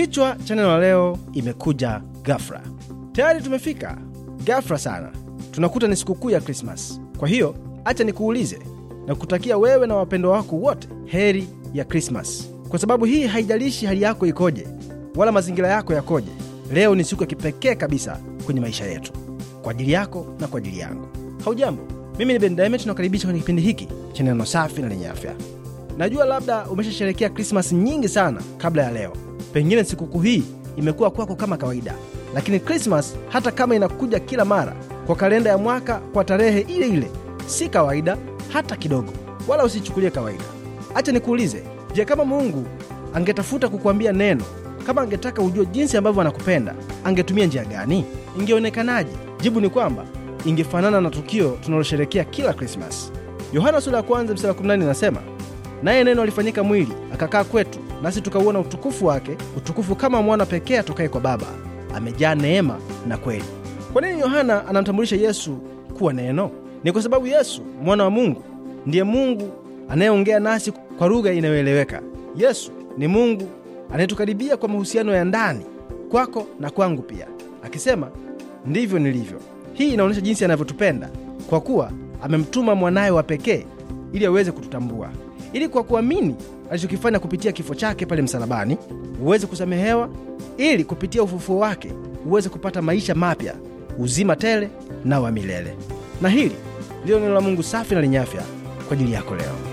Kichwa cha neno la leo, imekuja gafra Tayari tumefika gafra sana, tunakuta ni sikukuu ya Krismasi. Kwa hiyo acha nikuulize na kutakia wewe na wapendo wako wote heri ya Krismasi, kwa sababu hii haijalishi hali yako ikoje wala mazingira yako yakoje. Leo ni siku ya kipekee kabisa kwenye maisha yetu, kwa ajili yako na kwa ajili yangu. Haujambo, mimi ni Ben tunakaribisha kwenye kipindi hiki cha neno safi na lenye afya. Najua labda umeshasherekea Krismasi nyingi sana kabla ya leo. Pengine sikukuu hii imekuwa kwako kama kawaida, lakini Krismas, hata kama inakuja kila mara kwa kalenda ya mwaka kwa tarehe ile ile, si kawaida hata kidogo, wala usichukulie kawaida. Acha nikuulize, je, kama Mungu angetafuta kukuambia neno, kama angetaka ujue jinsi ambavyo anakupenda, angetumia njia gani? Ingeonekanaje? Jibu ni kwamba ingefanana na tukio tunalosherekea kila Krismas. Yohana sura ya kwanza mstari wa 18 inasema Naye neno alifanyika mwili akakaa kwetu, nasi tukauona utukufu wake, utukufu kama mwana pekee atokaye kwa Baba, amejaa neema na kweli. Kwa nini Yohana anamtambulisha Yesu kuwa neno? Ni kwa sababu Yesu mwana wa Mungu ndiye Mungu anayeongea nasi kwa lugha inayoeleweka. Yesu ni Mungu anayetukaribia kwa mahusiano ya ndani, kwako na kwangu pia, akisema ndivyo nilivyo. Hii inaonyesha jinsi anavyotupenda kwa kuwa amemtuma mwanaye wa pekee ili aweze kututambua ili kwa kuamini alichokifanya kupitia kifo chake pale msalabani uweze kusamehewa, ili kupitia ufufuo wake uweze kupata maisha mapya, uzima tele na wa milele. Na hili ndilo neno la Mungu safi na lenye afya kwa ajili yako leo.